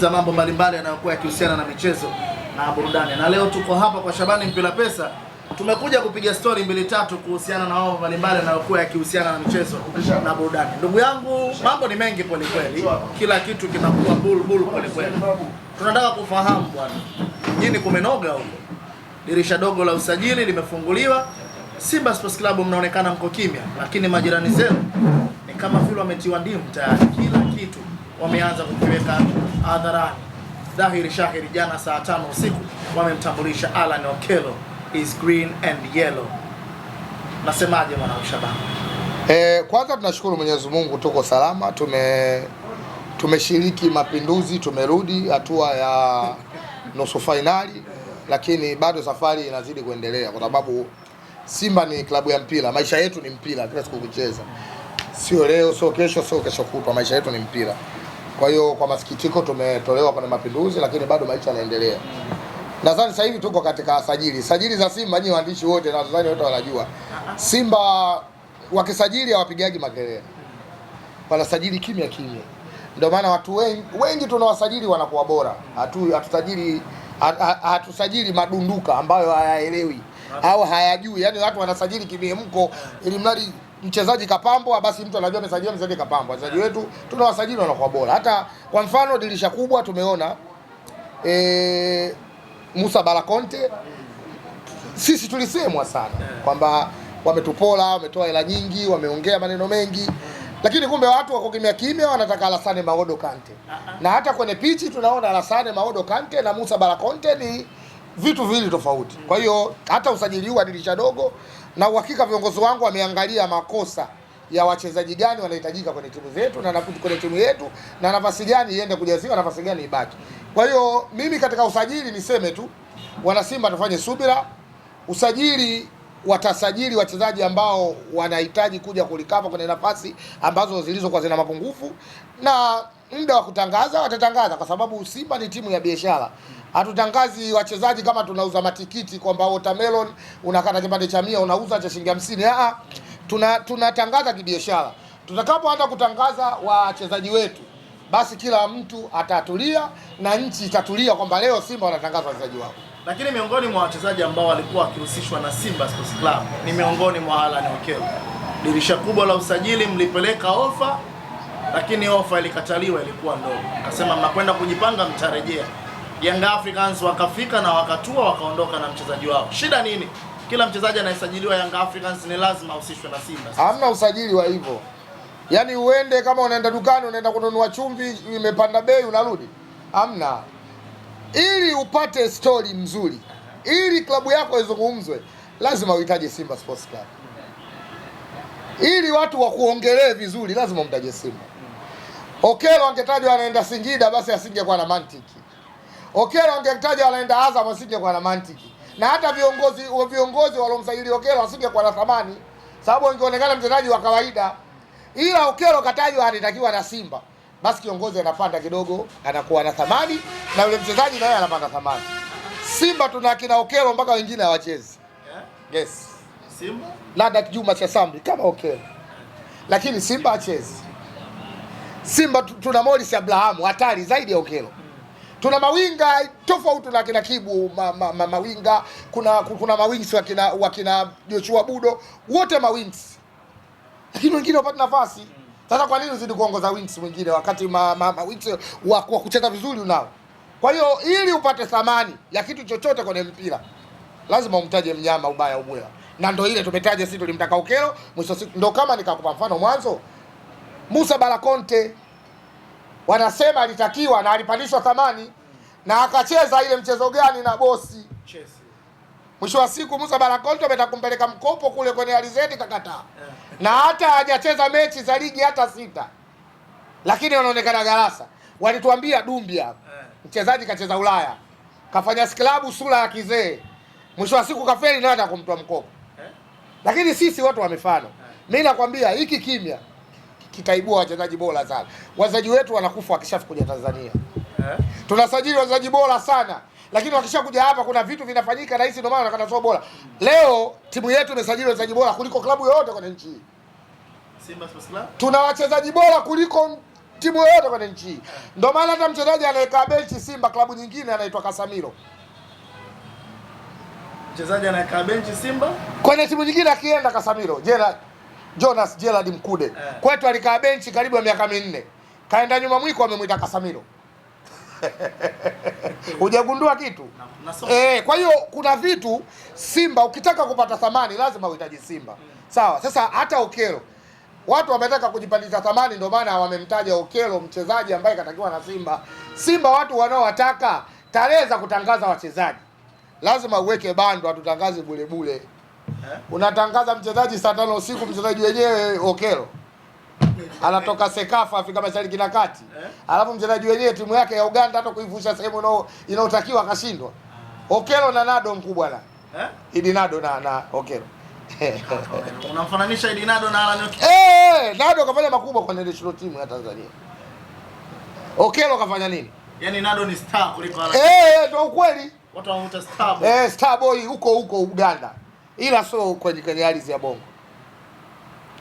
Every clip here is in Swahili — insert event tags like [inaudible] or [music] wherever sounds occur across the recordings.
za mambo mbalimbali yanayokuwa yakihusiana na michezo na burudani. Na leo tuko hapa kwa Shabani Mpira Pesa, tumekuja kupiga stori mbili tatu kuhusiana na mambo mbalimbali yanayokuwa yakihusiana na michezo na burudani. Ndugu yangu, mambo ni mengi kweli kweli, kila kitu kinakuwa bulbul kweli kweli. Tunataka kufahamu bwana, jini kumenoga huko, dirisha dogo la usajili limefunguliwa Simba Sports Club mnaonekana mko kimya, lakini majirani zenu ni kama vile wametiwa ndimu tayari, kila kitu wameanza kukiweka hadharani. Dhahiri shahiri, jana saa tano usiku wamemtambulisha Alan Okello is green and yellow. Nasemaje mwana Shabani? Eh, kwanza tunashukuru Mwenyezi Mungu, tuko salama, tume tumeshiriki mapinduzi, tumerudi hatua ya [laughs] nusu fainali, lakini bado safari inazidi kuendelea, kwa sababu Simba ni klabu ya mpira. Maisha yetu ni mpira, kila siku kucheza, sio leo, sio kesho, sio kesho kutwa. Maisha yetu ni mpira. Kwa hiyo kwa masikitiko tumetolewa kwenye mapinduzi, lakini bado maisha yanaendelea. Nadhani sasa hivi tuko katika sajili, sajili za Simba nyinyi waandishi wote nadhani wote wanajua, Simba wakisajili hawapigaji makelele, wanasajili kimya kimya. Ndio maana watu wengi, wengi tunawasajili wanakuwa bora, hatu hatusajili hatusajili madunduka ambayo hayaelewi au hayajui, yaani watu wanasajili kimemko, ili mradi mchezaji kapambwa, basi mtu anajua amesajiliwa mchezaji kapambwa. Wachezaji wetu tunawasajili wanakuwa bora. Hata kwa mfano dirisha kubwa tumeona e, Musa Balakonte, sisi tulisemwa sana kwamba wametupola, wametoa hela nyingi, wameongea maneno mengi lakini kumbe watu wako kimya kimya, wanataka Alassane Maodo Kante. Uh ah, -huh. Ah. Na hata kwenye pichi tunaona Alassane Maodo Kante na Musa Balakonte ni vitu viwili tofauti. Kwa hiyo hata usajili huu wa dirisha dogo, na uhakika viongozi wangu wameangalia makosa ya wachezaji gani wanahitajika kwenye timu zetu na kwenye timu yetu, na nafasi gani iende kujaziwa, nafasi gani ibaki. Kwa hiyo mimi katika usajili niseme tu, wanasimba tufanye subira. Usajili watasajili wachezaji ambao wanahitaji kuja kulikapa kwenye nafasi ambazo zilizokuwa zina mapungufu, na muda wa kutangaza watatangaza, kwa sababu Simba ni timu ya biashara. Hatutangazi wachezaji kama tunauza matikiti kwamba watermelon unakata kipande cha mia unauza cha shilingi hamsini. Ah, tuna tunatangaza kibiashara. Tutakapoanza kutangaza wachezaji wetu, basi kila mtu atatulia na nchi itatulia kwamba leo Simba wanatangaza wachezaji wao. Lakini miongoni mwa wachezaji ambao walikuwa wakihusishwa na Simba Sports Club ni miongoni mwa Alan Okello. Dirisha kubwa la usajili mlipeleka ofa, lakini ofa ilikataliwa, ilikuwa ndogo. Akasema mnakwenda kujipanga, mtarejea. Young Africans wakafika na wakatua wakaondoka na mchezaji wao. Shida nini? Kila mchezaji anayesajiliwa Young Africans ni lazima ahusishwe na Simba. Hamna usajili wa hivyo. Yaani uende kama unaenda dukani unaenda kununua chumvi imepanda bei unarudi. Hamna. Ili upate story mzuri, ili klabu yako izungumzwe, lazima uhitaje Simba Sports Club. Ili watu wakuongelee vizuri, lazima umtaje Simba. Okelo angetajwa anaenda Singida, basi asingekuwa na mantiki. Okelo angektaja anaenda Azam asingekuwa na mantiki, na hata viongozi viongozi walomsajili Okelo asingekuwa na thamani, sababu angeonekana mchezaji wa kawaida. Ila Okelo katajwa anatakiwa na Simba, basi kiongozi anapanda kidogo, anakuwa na thamani, na yule mchezaji naye anapanda thamani. Simba tuna kina Okelo mpaka wengine hawachezi. Eh? Yes, Simba Ladak Juma cha Sambi kama Okelo, lakini Simba hachezi. Simba tuna Morris Abraham hatari zaidi ya Okelo. Tuna mawinga tofauti na kina Kibu ma, ma, ma, mawinga kuna kuna mawings wakina wakina Joshua Budo wote mawings, lakini wengine wapata nafasi. Sasa kwa nini uzidi kuongoza wings mwingine wakati ma, ma, ma wings wa kucheza vizuri unao? Kwa hiyo ili upate thamani ya kitu chochote kwenye mpira lazima umtaje mnyama ubaya ubwela, na ndo ile tumetaja sisi, tulimtaka Okelo mwisho siku. Ndo kama nikakupa mfano mwanzo, Musa Balakonte wanasema alitakiwa na alipandishwa thamani na akacheza ile mchezo gani na bosi Chelsea. Mwisho wa siku Musa Barakonto ametaka kumpeleka mkopo kule kwenye Alizeti kakataa, eh. na hata hajacheza mechi za ligi hata sita, lakini wanaonekana galasa. Walituambia Dumbia, eh. mchezaji kacheza Ulaya, kafanya sklabu sura ya kizee, mwisho wa siku kafeli, naye atakumtoa mkopo eh. Lakini sisi watu wa mifano yeah. Mimi nakwambia hiki kimya kitaibua wachezaji bora sana. Wachezaji wetu wanakufa wakishafika kuja Tanzania. Eh? Tunasajili wachezaji bora sana, lakini wakisha kuja hapa kuna vitu vinafanyika na hisi, ndio maana nakana sio bora. Leo timu yetu imesajili wachezaji bora kuliko klabu yoyote kwenye nchi hii. Simba Sports Club tuna wachezaji bora kuliko timu yoyote kwenye nchi hii, ndio maana hata mchezaji anayekaa benchi Simba klabu nyingine anaitwa Kasamiro. Mchezaji anayekaa benchi Simba kwenye timu nyingine akienda Kasamiro Gerard Jonas Gerard Mkude eh. Kwetu alikaa benchi karibu ya miaka minne, kaenda nyuma mwiko amemwita Kasamiro. [laughs] hujagundua kitu e. Kwa hiyo kuna vitu Simba ukitaka kupata thamani lazima uhitaji Simba hmm. Sawa, sasa hata Okero watu wametaka kujipandisha thamani, ndio maana wamemtaja Okero mchezaji ambaye katakiwa na Simba. Simba watu wanaowataka tarehe za kutangaza wachezaji lazima uweke bando, hatutangazi bulebule eh? Unatangaza mchezaji saa tano usiku, mchezaji wenyewe Okero anatoka Sekafa Afrika Mashariki na Kati, alafu mchezaji wenyewe timu yake ya Uganda hata kuivusha sehemu inayotakiwa akashindwa. Ah. Okelo na Nado mkubwa la eh? Idi Nado na na Okelo [laughs] unamfananisha Idi Nado na Alan Okelo. Eh, eh, eh, Nado kafanya makubwa kwa national timu ya Tanzania. Okelo kafanya nini? Yaani Nado ni star kuliko Alan. Eh, ndio ukweli. Watu wanamuita star boy. Eh, star boy huko huko Uganda, ila sio kwenye kwenye ardhi ya Bongo,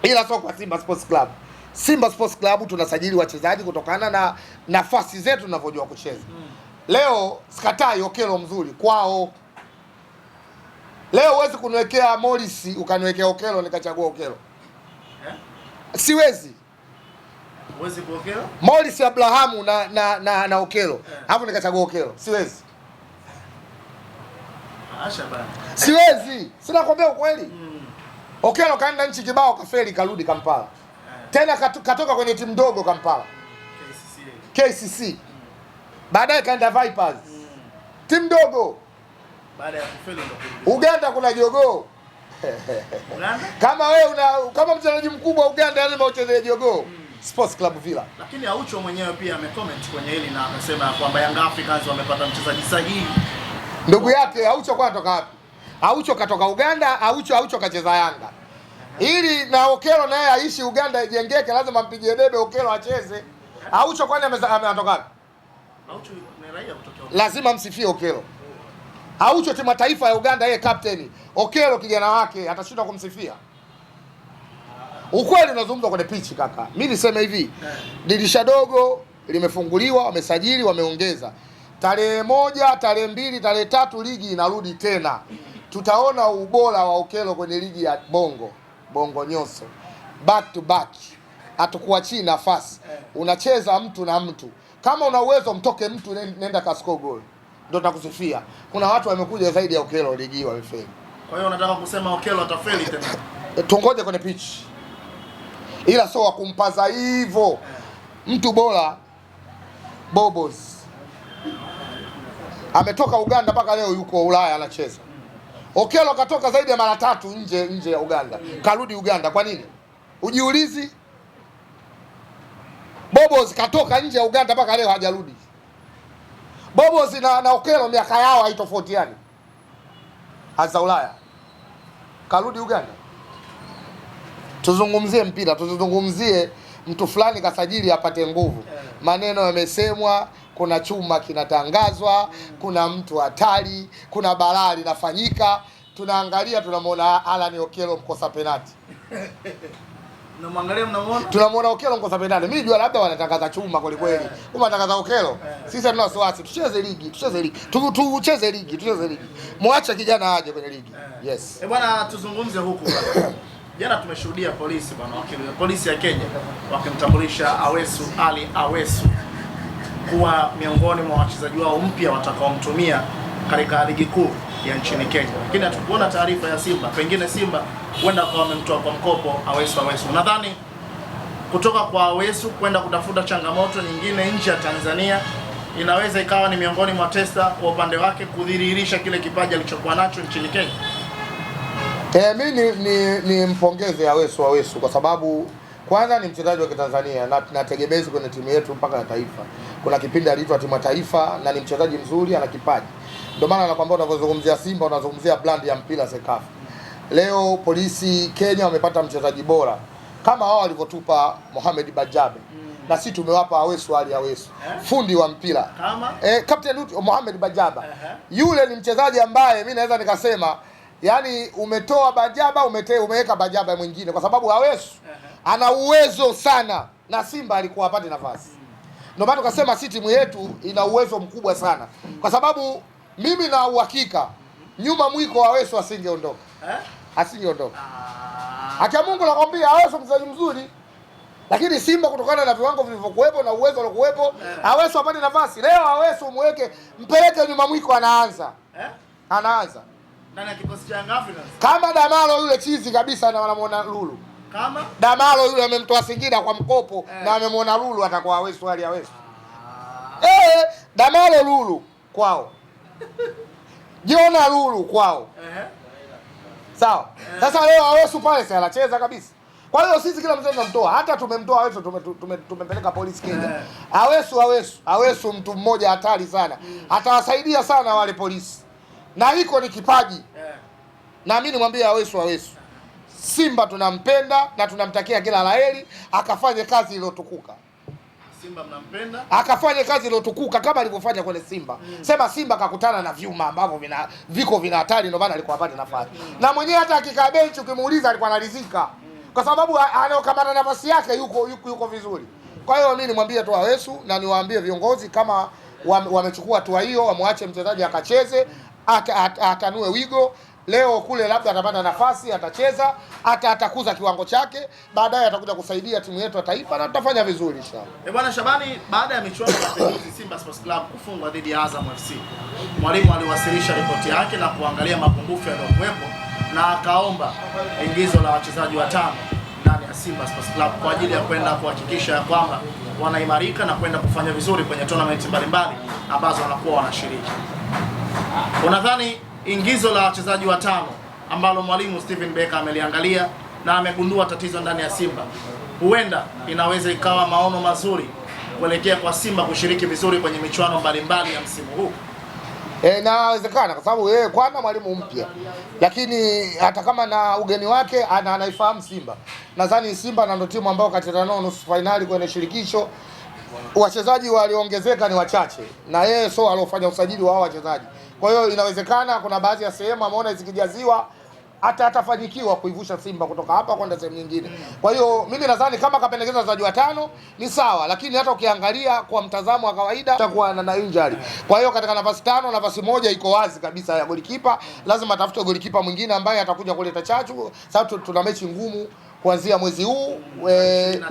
ila sio kwa Simba Sports Club. Simba Sports Club tunasajili wachezaji kutokana na nafasi zetu tunavyojua kucheza. Leo sikatai Okelo mzuri kwao. Leo huwezi kuniwekea Morris ukaniwekea Okelo nikachagua Okelo. Eh? Siwezi. Huwezi kwa Okelo? Morris Abrahamu na na na, na Okelo. Eh. Alafu eh, nikachagua Okelo. Siwezi. Asha bana. Siwezi. Sina kuambia ukweli. Mm. Okelo kaenda nchi kibao kafeli karudi Kampala tena katoka kwenye timu ndogo Kampala KCC, KCC. Baadaye kaenda Vipers mm. timu ndogo baada ya kufeli ndo Uganda kuna jogoo [laughs] kama we una kama mchezaji mkubwa Uganda lazima uchezee jogoo mm. Sports Club Villa. Lakini Aucho mwenyewe pia amecomment kwenye hili na amesema kwamba Young Africans wamepata mchezaji sahihi. Ndugu yake Aucho kwa toka wapi? Aucho katoka Uganda, Aucho Aucho kacheza Yanga ili na Okelo naye aishi Uganda ijengeke, lazima mpigie debe Okelo acheze. Aucho kwani ametoka? Lazima msifie Okelo. Aucho timu taifa ya Uganda, yeye captain. Okelo kijana wake atashindwa kumsifia? Ukweli unazungumzwa kwenye pichi, kaka. Mimi niseme hivi, dirisha dogo limefunguliwa, wamesajili, wameongeza tarehe moja, tarehe mbili, tarehe tatu ligi inarudi tena, tutaona ubora wa Okelo kwenye ligi ya Bongo bongo nyoso back to back, hatukuachii nafasi. Eh. Unacheza mtu na mtu, kama una uwezo mtoke mtu, nenda kasko goal, ndio takusifia. Kuna watu wamekuja zaidi ya Okelo ligi wamefeli. Kwa hiyo unataka kusema Okelo atafeli tena? Eh, Tungoje kwenye pitch, ila sio wa kumpaza hivyo eh. mtu bora. Bobos ametoka Uganda mpaka leo yuko Ulaya anacheza okelo katoka zaidi ya mara tatu nje nje ya Uganda, karudi Uganda. Kwa nini? Ujiulizi. Bobos katoka nje ya Uganda mpaka leo hajarudi. Bobos na, na Okelo miaka yao haitofautiani, hasa Ulaya, karudi Uganda. Tuzungumzie mpira, tuzungumzie mtu fulani kasajili apate nguvu. Eh. Maneno yamesemwa, kuna chuma kinatangazwa, kuna mtu hatari, kuna balaa linafanyika, tunaangalia tunamwona Alan Okello mkosa penati tunamwona Okello mkosa penati. Mimi jua labda wanatangaza chuma kweli kweli, eh. kama wanatangaza Okello. Eh. Sisi hatuna wasiwasi, tucheze ligi, tucheze ligi, tucheze ligi, tucheze ligi, mwache kijana aje kwenye ligi. Eh. Yes eh, bwana, tuzungumze huku Jana tumeshuhudia polisi bwana, polisi ya Kenya wakimtambulisha Awesu Ali Awesu kuwa miongoni mwa wachezaji wao mpya watakaomtumia katika ligi kuu ya nchini Kenya, lakini hatukuona taarifa ya Simba. Pengine Simba huenda kwa wamemtoa kwa mkopo Awesu. Awesu nadhani kutoka kwa Awesu kwenda kutafuta changamoto nyingine nje ya Tanzania inaweza ikawa ni miongoni mwa testa kwa upande wake kudhihirisha kile kipaji alichokuwa nacho nchini Kenya. E, eh, mi ni, ni, ni Awesu Awesu kwa sababu kwanza ni mchezaji wa Kitanzania na nategemezi kwenye timu yetu mpaka ya taifa. Kuna kipindi aliitwa timu ya taifa na ni mchezaji mzuri, ana kipaji. Ndio maana nakwambia, unavyozungumzia Simba unazungumzia brand ya mpira Sekafa. Leo polisi Kenya wamepata mchezaji bora kama wao walivyotupa Mohamed Bajabe na sisi tumewapa Awesu Ali Awesu eh? fundi wa mpira kama eh, Captain Mohamed Bajaba uh -huh. Yule ni mchezaji ambaye mimi naweza nikasema, yani umetoa Bajaba umete, umeweka Bajaba mwingine kwa sababu Awesu uh -huh ana uwezo sana, na Simba alikuwa apate nafasi. Ndio maana tukasema si timu yetu ina uwezo mkubwa sana, kwa sababu mimi na uhakika nyuma mwiko wa Aweso asingeondoka eh? asingeondoka ah. acha Mungu nakwambia, Aweso mchezaji mzuri, lakini Simba kutokana na viwango vilivyokuwepo na uwezo uliokuwepo eh? Aweso apate nafasi. Leo Aweso umweke mpeleke nyuma mwiko, anaanza eh? anaanza cha kama Damalo yule chizi kabisa, na wanamuona Lulu kama Damalo yule amemtoa Singida kwa mkopo eh, na amemwona Lulu atakuwa hawezi swali hawezi ah. Eh, eh Damalo Lulu kwao Jiona Lulu kwao eh. Sawa eh. Sasa leo Awesu Palace anacheza kabisa. Kwa hiyo sisi kila mtu tunamtoa, hata tumemtoa Awesu tumempeleka tume, tume polisi Kenya eh. Awesu Awesu Awesu mtu mmoja hatari sana mm. Atawasaidia sana wale polisi na hiko ni kipaji eh. Naamini nimwambia Awesu Awesu Simba tunampenda na tunamtakia kila laheri, akafanye kazi iliyotukuka. Simba mnampenda, akafanye kazi iliyotukuka kama alivyofanya kwenye Simba mm. Sema Simba kakutana na vyuma ambavyo vina viko vina hatari, ndio maana alikuwa hapati nafasi mm. na mwenyewe hata akikaa benchi ukimuuliza alikuwa analizika mm. kwa sababu anayokamata nafasi yake yuko yuko, yuko vizuri. Kwa hiyo mimi nimwambie tu Awesu na niwaambie viongozi kama wamechukua hatua hiyo, wamwache mchezaji akacheze, atanue wigo leo kule labda atapata nafasi, atacheza hata atakuza kiwango chake, baadaye atakuja kusaidia timu yetu ya taifa na tutafanya vizuri inshallah. Eh, bwana Shabani, baada ya michuano ya Mapinduzi Simba Sports Club kufungwa dhidi ya Azam FC, mwalimu aliwasilisha ripoti yake na kuangalia mapungufu yaliyokuwepo na akaomba ingizo la wachezaji watano ndani ya Simba Sports Club kwa ajili ya kwenda kuhakikisha ya kwamba wanaimarika na kwenda kufanya vizuri kwenye tournament mbalimbali ambazo wanakuwa wanashiriki. Unadhani ingizo la wachezaji watano ambalo mwalimu Steven Becker ameliangalia na amegundua tatizo ndani ya Simba, huenda inaweza ikawa maono mazuri kuelekea kwa Simba kushiriki vizuri kwenye michuano mbalimbali ya msimu huu. E, eh, na inawezekana kwa sababu yeye eh, kwana mwalimu mpya, lakini hata kama na ugeni wake ana anaifahamu Simba. Nadhani Simba na ndio timu ambayo katika nao nusu finali kwenye shirikisho, wachezaji waliongezeka ni wachache, na yeye so aliofanya usajili wa hao wachezaji kwa hiyo inawezekana kuna baadhi ya sehemu ameona zikijaziwa hata atafanyikiwa kuivusha Simba kutoka hapa kwenda sehemu nyingine. Kwa hiyo mimi nadhani kama kapendekeza wachezaji watano ni sawa, lakini hata ukiangalia kwa mtazamo wa kawaida atakuwa na injury. Kwa hiyo katika nafasi tano, nafasi moja iko wazi kabisa ya golikipa, lazima atafute golikipa mwingine ambaye atakuja kuleta chachu, sababu tuna mechi ngumu kuanzia mwezi huu eh,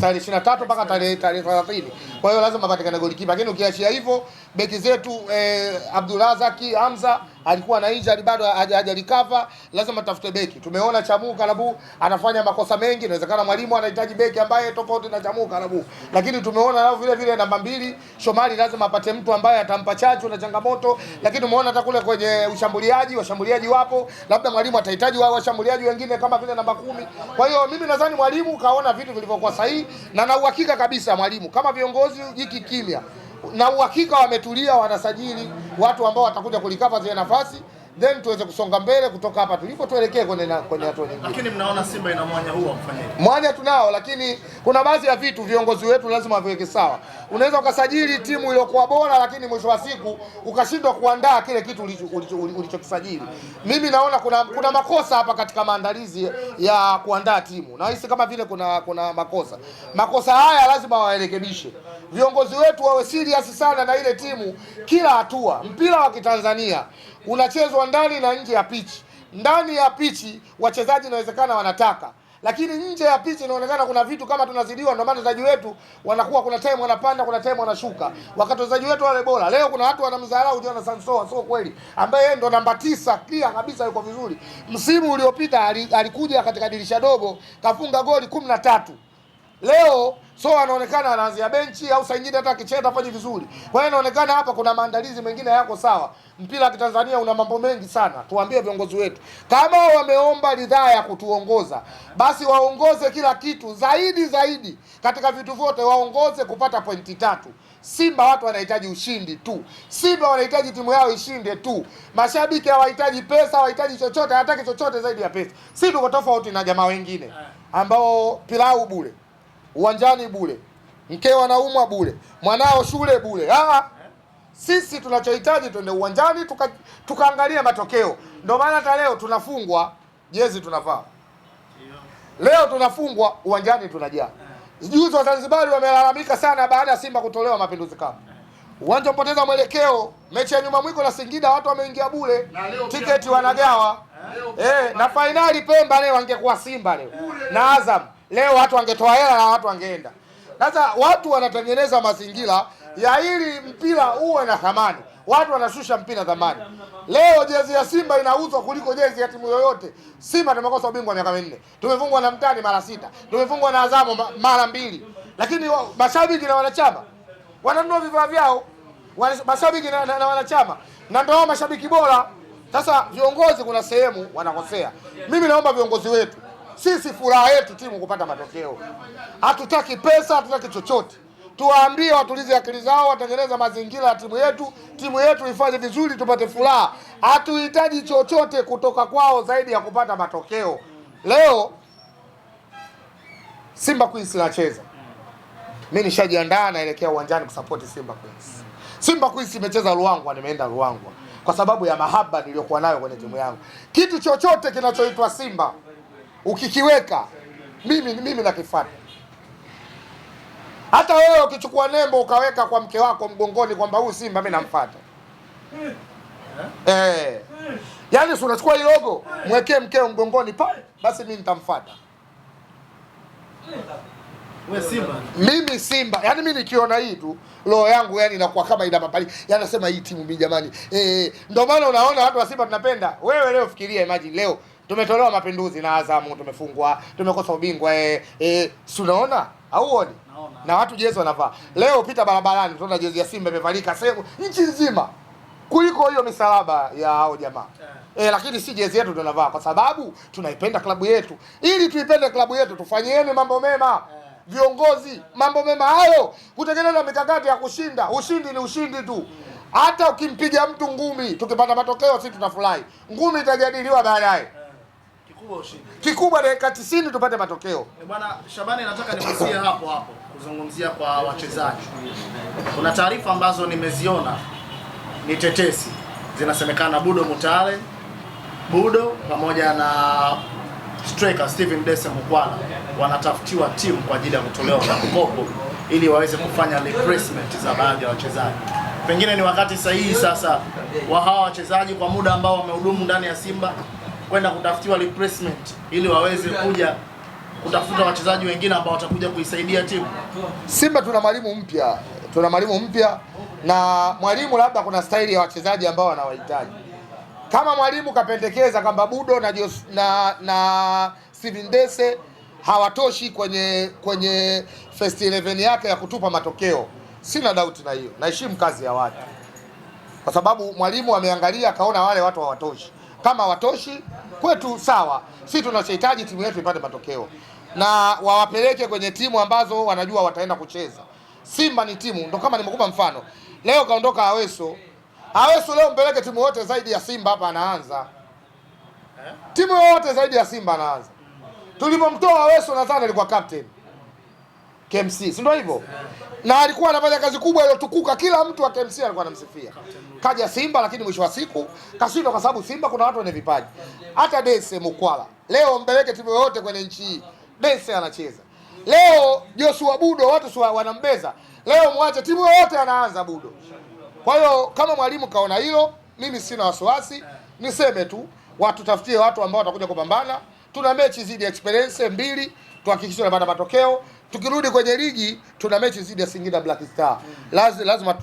tarehe 23 mpaka tarehe 30. Kwa hiyo lazima apatikane golikipa, lakini ukiachia hivyo beki zetu eh, Abdulrazaki Hamza alikuwa na injury bado hajarecover, lazima tafute beki. Tumeona Chamu Karabu anafanya makosa mengi, inawezekana mwalimu anahitaji beki ambaye tofauti na Chamu Karabu, lakini tumeona nao vile vile namba mbili Shomari lazima apate mtu ambaye atampa chachu na changamoto, lakini umeona hata kule kwenye ushambuliaji, washambuliaji wapo, labda mwalimu atahitaji wao washambuliaji wengine kama vile namba kumi. Kwa hiyo mimi nadhani mwalimu kaona vitu vilivyokuwa sahihi na na uhakika kabisa mwalimu kama viongozi hiki kimya na uhakika wametulia, wanasajili watu ambao watakuja kulikava zile nafasi then tuweze kusonga mbele kutoka hapa tulipo tuelekee kwenye kwenye hatua nyingine. Lakini mnaona Simba ina mwanya huu amfanyaje? Mwanya tunao, lakini kuna baadhi ya vitu viongozi wetu lazima waviweke sawa. Unaweza ukasajili timu iliyokuwa bora, lakini mwisho wa siku ukashindwa kuandaa kile kitu ulichokisajili. Mimi naona kuna kuna makosa hapa katika maandalizi ya kuandaa timu, nahisi kama vile kuna kuna makosa. Makosa haya lazima waelekebishe viongozi wetu wawe serious sana na ile timu kila hatua. Mpira wa Kitanzania unachezwa ndani na nje ya pichi. Ndani ya pichi wachezaji inawezekana wanataka lakini nje ya pichi inaonekana kuna vitu kama tunazidiwa. Ndio maana wachezaji wetu wanakuwa, kuna time wanapanda, kuna time wanashuka, wakati wachezaji wetu wale bora. Leo kuna watu wanamdharau Jonathan Sansoa, sio kweli, ambaye yeye ndo namba tisa kia kabisa, yuko vizuri. Msimu uliopita alikuja katika dirisha dogo kafunga goli kumi na tatu leo so anaonekana anaanzia benchi au saa nyingine hata akicheza afanye vizuri. Kwa hiyo inaonekana hapa kuna maandalizi mengine yako sawa. Mpira wa Kitanzania una mambo mengi sana, tuambie viongozi wetu kama wameomba ridhaa ya kutuongoza, basi waongoze kila kitu zaidi zaidi, katika vitu vyote waongoze kupata pointi tatu. Simba watu wanahitaji ushindi tu, Simba wanahitaji timu yao ishinde tu. Mashabiki hawahitaji pesa, hawahitaji chochote, hawataki chochote zaidi ya pesa. Si tuko tofauti na jamaa wengine eh. ambao pilau bure uwanjani bure, mkeo anaumwa bure, mwanao shule bure. Ah, sisi tunachohitaji twende uwanjani tukaangalia tuka matokeo. Ndio maana hata leo tunafungwa jezi tunavaa, leo tunafungwa, uwanjani tunajaa. Juzi Wazanzibari wamelalamika sana baada ya Simba kutolewa Mapinduzi kama uwanja mpoteza mwelekeo. Mechi ya nyuma mwiko na Singida watu wameingia bule, tiketi wanagawa eh, eh na fainali Pemba leo angekuwa Simba leo na Azam leo watu wangetoa hela na watu wangeenda. Sasa watu wanatengeneza mazingira ya ili mpira uwe na thamani, watu wanashusha mpira thamani. Leo jezi ya Simba inauzwa kuliko jezi ya timu yoyote. Simba tumekosa ubingwa miaka minne, tumefungwa na mtani mara sita, tumefungwa na Azamu mara mbili, lakini mashabiki na wanachama wananunua vifaa vyao, mashabiki na, na, na wanachama na ndio mashabiki bora. Sasa viongozi, kuna sehemu wanakosea. Mimi naomba viongozi wetu sisi furaha yetu timu kupata matokeo, hatutaki pesa, hatutaki chochote. Tuwaambie watulize akili zao, watengeneza mazingira ya timu yetu, timu yetu ifanye vizuri, tupate furaha. Hatuhitaji chochote kutoka kwao zaidi ya kupata matokeo. Leo Simba Queens inacheza, mi nishajiandaa, naelekea uwanjani kusapoti Simba Queens. Simba Queens imecheza Ruangwa, nimeenda Ruangwa kwa sababu ya mahaba niliyokuwa nayo kwenye timu yangu. Kitu chochote kinachoitwa Simba ukikiweka mimi mimi nakifanya. Hata wewe ukichukua nembo ukaweka kwa mke wako mgongoni kwamba huyu Simba mimi namfuata eh, yaani si unachukua hii logo mwekee mkeo mgongoni pa, basi mimi nitamfuata. Simba, mimi Simba. Yaani mimi nikiona hii tu roho yangu yani inakuwa kama ina mapali, yanasema yaani hii timu mimi jamani, eh, eh, ndio maana unaona watu wa Simba tunapenda. Wewe leo fikiria, imagine leo tumetolewa mapinduzi na Azamu, tumefungwa, tumekosa ubingwa e, e, si unaona au uone na watu jezi wanavaa mm. leo, pita barabarani utaona jezi ya Simba imevalika sehemu nchi nzima kuliko hiyo misalaba ya hao jamaa yeah. E, eh, lakini si jezi yetu tunavaa kwa sababu tunaipenda klabu yetu. Ili tuipende klabu yetu, tufanyieni mambo mema yeah. Viongozi, mambo mema hayo, kutengeneza mikakati ya kushinda. Ushindi ni ushindi tu mm. hata yeah. Ukimpiga mtu ngumi, tukipata matokeo sisi tunafurahi, ngumi itajadiliwa baadaye yeah kikubwa ushindi. Kikubwa dakika 90 tupate matokeo. E bwana Shabani, nataka nikusie hapo hapo kuzungumzia kwa wachezaji. Kuna taarifa ambazo nimeziona ni tetesi zinasemekana Budo Mutale, Budo pamoja na striker Steven Dese Mukwala wanatafutiwa timu kwa ajili ya kutolewa kwa mkopo ili waweze kufanya replacement za baadhi ya wachezaji. Pengine ni wakati sahihi sasa wa hawa wachezaji kwa muda ambao wamehudumu ndani ya Simba kwenda kutafutiwa replacement ili waweze kuja kutafuta wachezaji wengine ambao watakuja kuisaidia timu. Simba tuna mwalimu mpya, tuna mwalimu mpya na mwalimu labda kuna staili ya wachezaji ambao wanawahitaji. Kama mwalimu kapendekeza kwamba Budo na Jos, na, na Steven Dese hawatoshi kwenye kwenye first 11 yake ya kutupa matokeo, sina doubt na hiyo. Naheshimu kazi ya watu, kwa sababu mwalimu ameangalia akaona wale watu hawatoshi. Kama watoshi kwetu, sawa, si tunachohitaji timu yetu ipate matokeo, na wawapeleke kwenye timu ambazo wanajua wataenda kucheza. Simba ni timu ndo, kama nimekupa mfano leo, kaondoka Aweso. Aweso leo mpeleke timu yote zaidi ya Simba hapa anaanza eh? timu yoyote zaidi ya Simba anaanza. Tulipomtoa Aweso nadhani alikuwa captain KMC, si ndio hivyo? Na alikuwa anafanya kazi kubwa iliyotukuka, kila mtu wa KMC alikuwa anamsifia. Kaja Simba, lakini mwisho wa siku kashinda, kwa sababu Simba kuna watu wenye vipaji. Hata Dese Mukwala leo mbeleke timu yoyote kwenye nchi hii, Dese anacheza leo. Joshua Budo watu wanambeza leo, mwache timu yoyote anaanza Budo. Kwa hiyo kama mwalimu kaona hilo, mimi sina wasiwasi, niseme tu watu tafutie watu ambao watakuja kupambana. Tuna mechi zidi experience mbili, tuhakikishe tunapata matokeo. Tukirudi kwenye ligi tuna mechi dhidi ya Singida Black Star mm. Lazima,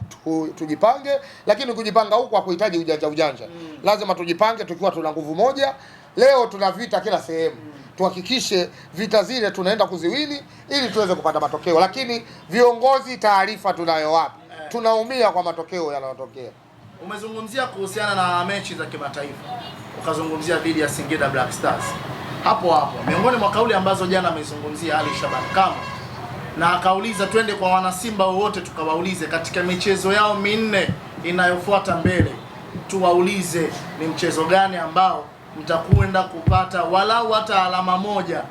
tujipange, lakini kujipanga huku hakuhitaji ujanja ujanja mm. Lazima tujipange tukiwa tuna nguvu moja. Leo tuna vita kila sehemu mm. Tuhakikishe vita zile tunaenda kuziwini ili tuweze kupata matokeo, lakini viongozi, taarifa tunayo wapi? Eh. Tunaumia kwa matokeo yanayotokea. Umezungumzia kuhusiana na mechi za kimataifa, ukazungumzia dhidi ya Singida Black Stars hapo hapo, miongoni mwa kauli ambazo jana amezungumzia Ali Shaban Kamwe na akauliza twende kwa wanasimba wowote tukawaulize katika michezo yao minne inayofuata mbele, tuwaulize ni mchezo gani ambao mtakwenda kupata walau hata alama moja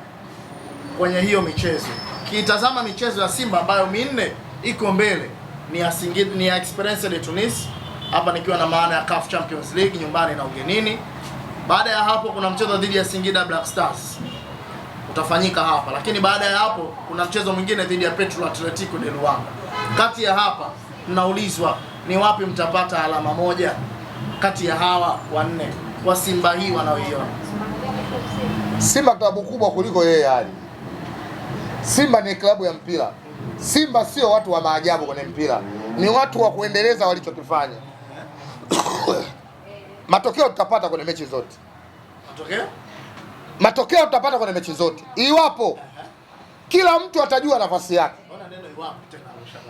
kwenye hiyo michezo. kitazama michezo ya Simba ambayo minne iko mbele ni ya Singida, ni ya Esperance de Tunis, hapa nikiwa na maana ya CAF Champions League nyumbani na ugenini. Baada ya hapo kuna mchezo dhidi ya Singida Black Stars utafanyika hapa, lakini baada ya hapo kuna mchezo mwingine dhidi ya Petro Atletico de Luanda. Kati ya hapa mnaulizwa ni wapi mtapata alama moja kati ya hawa wanne kwa Simba hii wanaoiona. Simba klabu kubwa kuliko yeye yani. Simba ni klabu ya mpira. Simba sio watu wa maajabu kwenye mpira, ni watu wa kuendeleza walichokifanya. [coughs] Matokeo tutapata kwenye mechi zote. Matokeo matokeo tutapata kwenye mechi zote iwapo kila mtu atajua nafasi yake,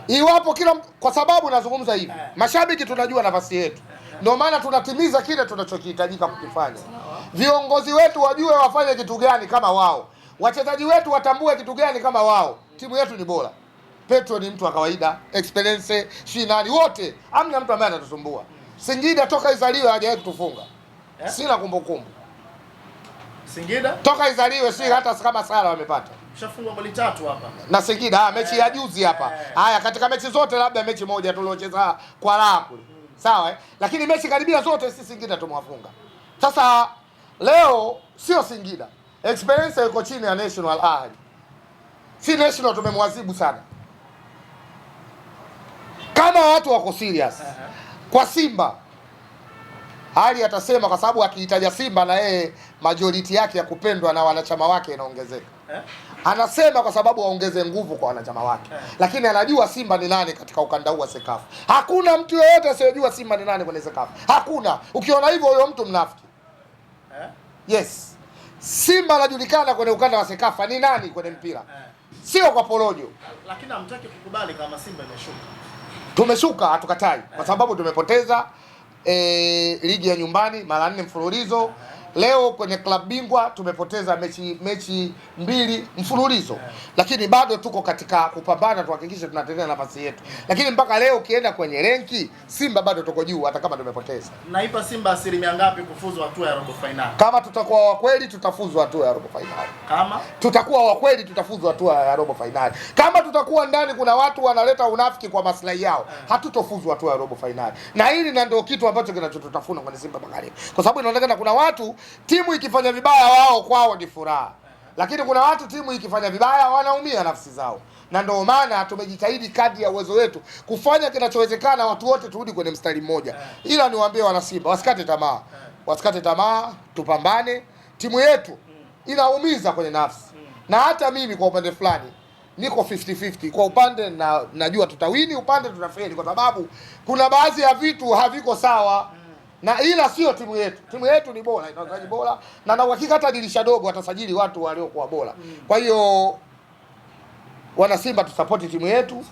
iwapo kila, kwa sababu nazungumza hivi, eh. mashabiki tunajua nafasi yetu, ndio maana tunatimiza kile tunachokihitajika kukifanya. Viongozi wetu wajue wafanye kitu gani kama wao, wachezaji wetu watambue kitu gani kama wao. Timu yetu ni bora. Petro ni mtu wa kawaida, experience si nani, wote amna mtu ambaye anatusumbua. Singida toka izaliwe hajawahi kutufunga, eh? sina kumbukumbu Singida toka izaliwe si hata kama sala wamepata shafungwa goli tatu hapa na Singida ah, mechi ya eh. juzi hapa eh. Haya, katika mechi zote labda mechi moja tuliocheza kwa raha kule mm. Sawa eh? Lakini mechi karibia zote si Singida tumewafunga. Sasa leo sio Singida, experience yuko chini ya National Ahli, si National tumemwazibu sana. Kama watu wako serious eh, eh. kwa Simba ali atasema kwa sababu akiitaja Simba na yeye majority yake ya kupendwa na wanachama wake inaongezeka. Eh? Anasema kwa sababu aongeze nguvu kwa wanachama wake, eh. lakini anajua Simba ni nani katika ukanda huu wa Sekafa. Hakuna mtu yeyote asiyojua Simba ni nani kwenye Sekafu, hakuna. Ukiona hivyo, huyo mtu mnafiki. Eh? Yes, Simba anajulikana kwenye ukanda wa Sekafa ni nani kwenye mpira, sio kwa porojo. Lakini hamtaki kukubali kama Simba imeshuka. Tumeshuka, hatukatai kwa sababu tumepoteza e, ligi ya nyumbani mara nne mfululizo leo kwenye klabu bingwa tumepoteza mechi mechi mbili mfululizo yeah. Lakini bado tuko katika kupambana tuhakikishe tunatetea nafasi yetu, lakini mpaka leo ukienda kwenye renki Simba bado tuko juu hata kama tumepoteza. Naipa Simba asilimia ngapi kufuzu hatua ya robo fainali Kama tutakuwa wa kweli tutafuzu hatua ya robo finali. Kama tutakuwa wa kweli tutafuzu hatua ya robo finali. Kama tutakuwa ndani kuna watu wanaleta unafiki kwa maslahi yao yeah. Hatutofuzu hatua ya robo fainali na hili na ndio kitu ambacho kinachotutafuna kwenye Simba Magharibi, kwa sababu inaonekana kuna watu Timu ikifanya vibaya, wao kwao ni furaha, lakini kuna watu timu ikifanya vibaya wanaumia nafsi zao, na ndio maana tumejitahidi kadri ya uwezo wetu kufanya kinachowezekana, watu wote turudi kwenye mstari mmoja. Ila niwaambie wana Simba wasikate tamaa, wasikate tamaa, tupambane. Timu yetu inaumiza kwenye nafsi, na hata mimi kwa upande fulani niko 50-50 kwa upande na, najua tutawini, upande tunafeli, kwa sababu kuna baadhi ya vitu haviko sawa na ila sio timu yetu. Timu yetu ni bora, ina wachezaji bora na na uhakika hata dirisha dogo watasajili watu waliokuwa bora. Mm. Kwa hiyo wana Simba, tusapoti timu yetu,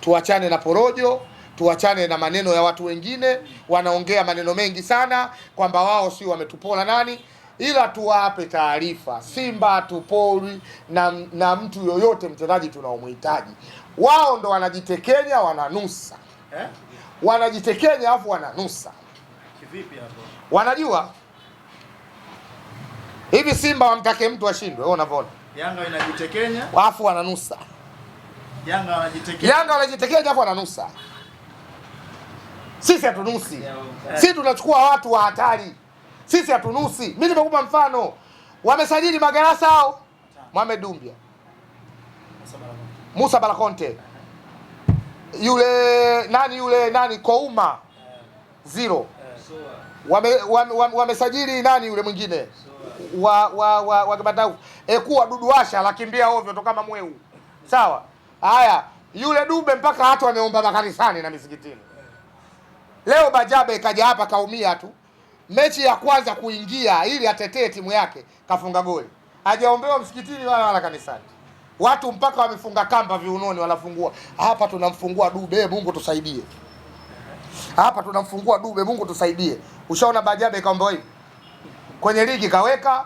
tuachane na porojo, tuachane na maneno ya watu wengine mm. wanaongea maneno mengi sana kwamba wao sio wametupola nani, ila tuwape taarifa, mm. Simba tupoli na, na mtu yoyote mchezaji tunaomhitaji. Wao ndo wanajitekenya wananusa eh? wanajitekenya afu wananusa Vipi hapo? Wanajua hivi Simba wamtake mtu ashindwe, wewe unavyoona. Yanga inajitekenya. Alafu wananusa. Yanga wanajitekenya. Yanga wanajitekenya alafu wananusa. Sisi hatunusi. Sisi tunachukua watu wa hatari. Sisi hatunusi. Mimi nimekupa mfano. Wamesajili magarasa hao. Mohamed Dumbia. Musa Balakonte. Yule nani yule nani Kouma. Zero wamesajili wame, wame nani yule mwingine wa wa wa, wa Kibatau e, dudu washa lakimbia ovyo to kama mweu sawa. Haya, yule Dube mpaka watu wameomba makanisani na misikitini. Leo Bajabe kaja hapa kaumia tu, mechi ya kwanza kuingia ili atetee timu yake kafunga goli, hajaombewa msikitini wala wala kanisani. Watu mpaka wamefunga kamba viunoni, wanafungua hapa, tunamfungua Dube, e, Mungu tusaidie hapa tunamfungua Dube, Mungu tusaidie. Ushaona Bajabe kaomba hivi kwenye ligi kaweka,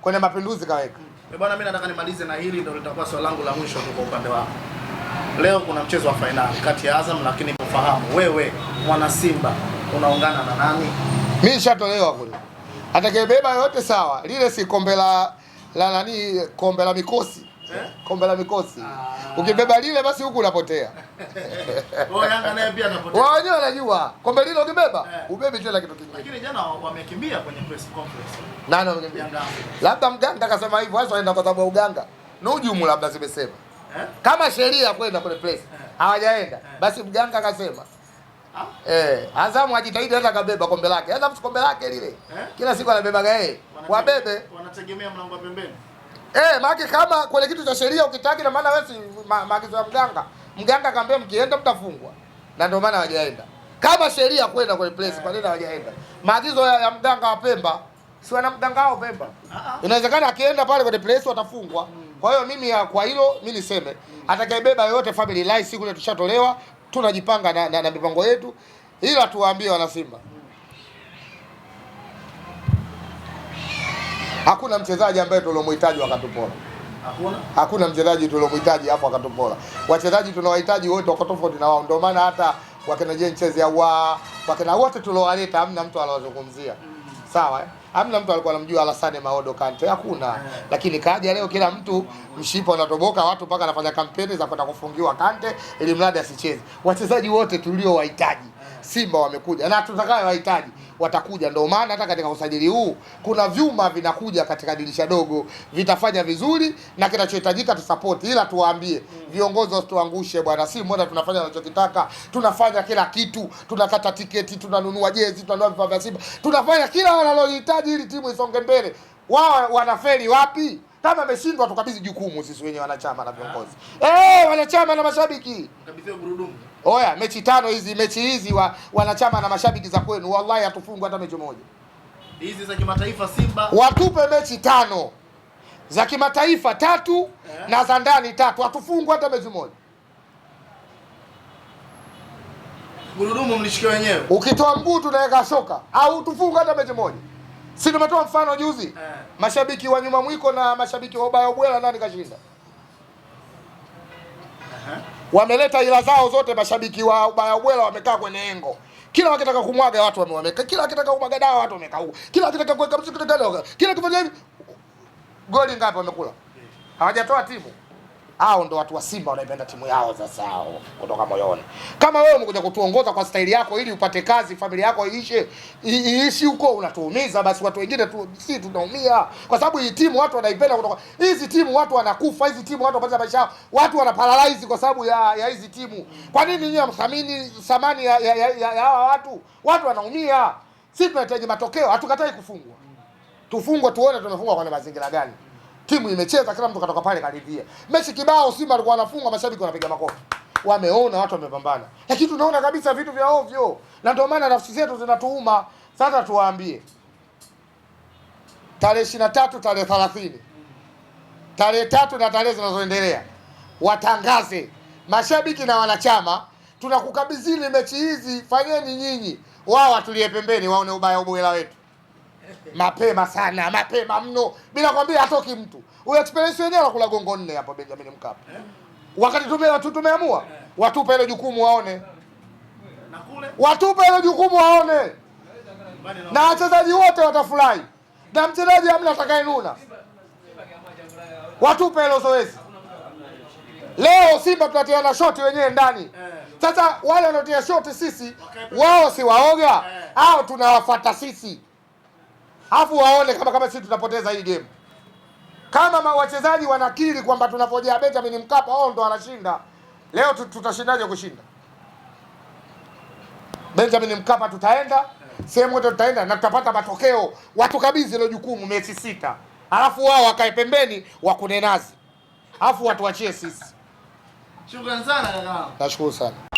kwenye mapinduzi kaweka. E bwana, mimi nataka nimalize na hili, ndio litakuwa swali langu la mwisho tu kwa upande wako. Leo kuna mchezo wa fainali kati ya Azam, lakini kufahamu wewe mwana Simba unaungana na nani? Mimi nishatolewa kule, atakayebeba yote sawa. Lile si kombe la la nani, kombe la mikosi Eh? kombe la mikosi ah. Ukibeba lile basi huku unapotea [laughs] Yanga naye pia anapotea. Wao wenyewe wanajua kombe lile ukibeba eh, ubebe tena kitu kingine. Lakini jana wamekimbia kwenye press conference. Nani wamekimbia? Labda mganga akasema hivyo, hasa waenda kwa sababu ya uganga nujumu, labda zimesema eh, kama sheria kwenda kwenye press eh. hawajaenda eh, basi mganga akasema ah, eh, Azamu ajitahidi hata kabeba kombe lake, hata kombe lake lile eh, kila siku anabeba gae. wabebe wanategemea mlango wa pembeni Eh, maki kama kwenye kitu cha sheria ukitaki na maana wewe si maagizo ya mganga. Mganga kaambia mkienda mtafungwa. Na ndio maana hawajaenda. Kama sheria kwenda kwenye place kwa nini hawajaenda? Maagizo ya, ya mganga wa Pemba si wana mganga wa Pemba. Ah, ah. Inawezekana akienda pale kwenye place watafungwa. Mm. Kwa hiyo mimi ya, ah, kwa hilo mimi niseme mm. atakayebeba yote family life siku ile tushatolewa tunajipanga na, na, na mipango yetu ila tuwaambie wana Simba. Mm. Hakuna mchezaji ambaye tuliomhitaji wakatupora, hakuna, hakuna mchezaji tuliomhitaji hapo akatupora. Wachezaji tunawahitaji wote wako tofauti na wao, ndio maana hata wakina Jenchez wa wakina wote tuliowaleta hamna mtu alawazungumzia mm. sawa eh? Hamna mtu alikuwa anamjua Alassane Maodo Kante, hakuna yeah. Lakini kaja leo, kila mtu mshipo anatoboka, watu mpaka anafanya kampeni za kwenda kufungiwa Kante ili mradi asicheze. Wachezaji wote tuliowahitaji Simba wamekuja na tutakaye wahitaji watakuja. Ndio maana hata katika usajili huu kuna vyuma vinakuja katika dirisha dogo, vitafanya vizuri na kinachohitajika tusapoti, ila tuwaambie mm. viongozi wasituangushe bwana. Si mbona tunafanya tunachokitaka, tunafanya kila kitu, tunakata tiketi, tunanunua jezi, tunanunua vifaa vya Simba, tunafanya kila wanalohitaji ili timu isonge mbele. Wao wanafeli wapi? Kama ameshindwa tukabidhi jukumu sisi wenyewe wanachama na viongozi ah. eh, wanachama na mashabiki, tukabidhi gurudumu. Oya, mechi tano hizi, mechi hizi wa, wanachama na mashabiki za kwenu, wallahi hatufungwi hata mechi moja. Hizi za kimataifa Simba watupe mechi tano za kimataifa tatu, yeah, na za ndani tatu, hatufungwi hata mechi moja. Gurudumu mlishike wenyewe, ukitoa mguu tunaweka soka, au tufungwe hata mechi moja. Si tumetoa mfano juzi, yeah, mashabiki wa nyuma mwiko na mashabiki wa ubaya ubwela, nani kashinda? uh -huh wameleta ila zao zote, mashabiki wa ubaya ubwela wamekaa kwenye engo, kila wakitaka kumwaga watu wameweka, kila wakitaka kumwaga dawa watu wamekaa huko, kila wakitaka kuweka mziki, kila kifanya hivi. Goli ngapi wamekula? Hawajatoa timu hao ndo watu wa Simba wanaipenda timu yao sasa, hao kutoka moyoni. Kama wewe umekuja kutuongoza kwa staili yako ili upate kazi, familia yako iishe iishi huko, unatuumiza, basi watu wengine tu sisi tunaumia, kwa sababu hii timu watu wanaipenda kutoka hizi timu, watu wanakufa hizi timu, watu wanapata maisha watu wanaparalyze kwa sababu ya ya hizi timu. Kwa nini nyinyi hamthamini thamani ya ya, ya, ya, ya watu? Watu wanaumia, sisi tunahitaji matokeo, hatukatai kufungwa, tufungwe tuone tunafungwa kwa mazingira gani timu imecheza, kila mtu katoka pale karidhia. Mechi kibao Simba alikuwa anafunga, mashabiki wanapiga makofi, wameona watu wamepambana, lakini tunaona kabisa vitu vya ovyo, na ndio maana nafsi zetu zinatuuma. Sasa tuwaambie tarehe 23, tatu tarehe thelathini tarehe tatu na tarehe zinazoendelea watangaze mashabiki na wanachama, tunakukabidhini mechi hizi, fanyeni nyinyi, wao watulie pembeni, waone ubaya ubwela wetu mapema sana, mapema mno, bila kwambia hatoki mtu. Huyo experience yenyewe anakula gongo nne hapa Benjamin Mkapa. Wakati watu tumeamua watupe ile jukumu waone, watupe ile jukumu waone, na wachezaji wote watafurahi, na mchezaji hamna atakayenuna. Watupe ile zoezi. Leo Simba tunatiana shoti wenyewe ndani. Eh. Sasa wale wanaotia shoti sisi, wao si waoga eh. au tunawafata sisi? Alafu waone kama kama sisi tutapoteza hii game. Kama wachezaji wanakiri kwamba tunavojea Benjamin Mkapa wao ndo wanashinda. Leo tutashindaje kushinda? Benjamin Mkapa tutaenda, sehemu yote tutaenda na tutapata matokeo. Watu kabisa ile jukumu mechi sita. Alafu wao wakae pembeni wakunenazi. Alafu watu wachie sisi. Shukrani sana kaka. Nashukuru sana.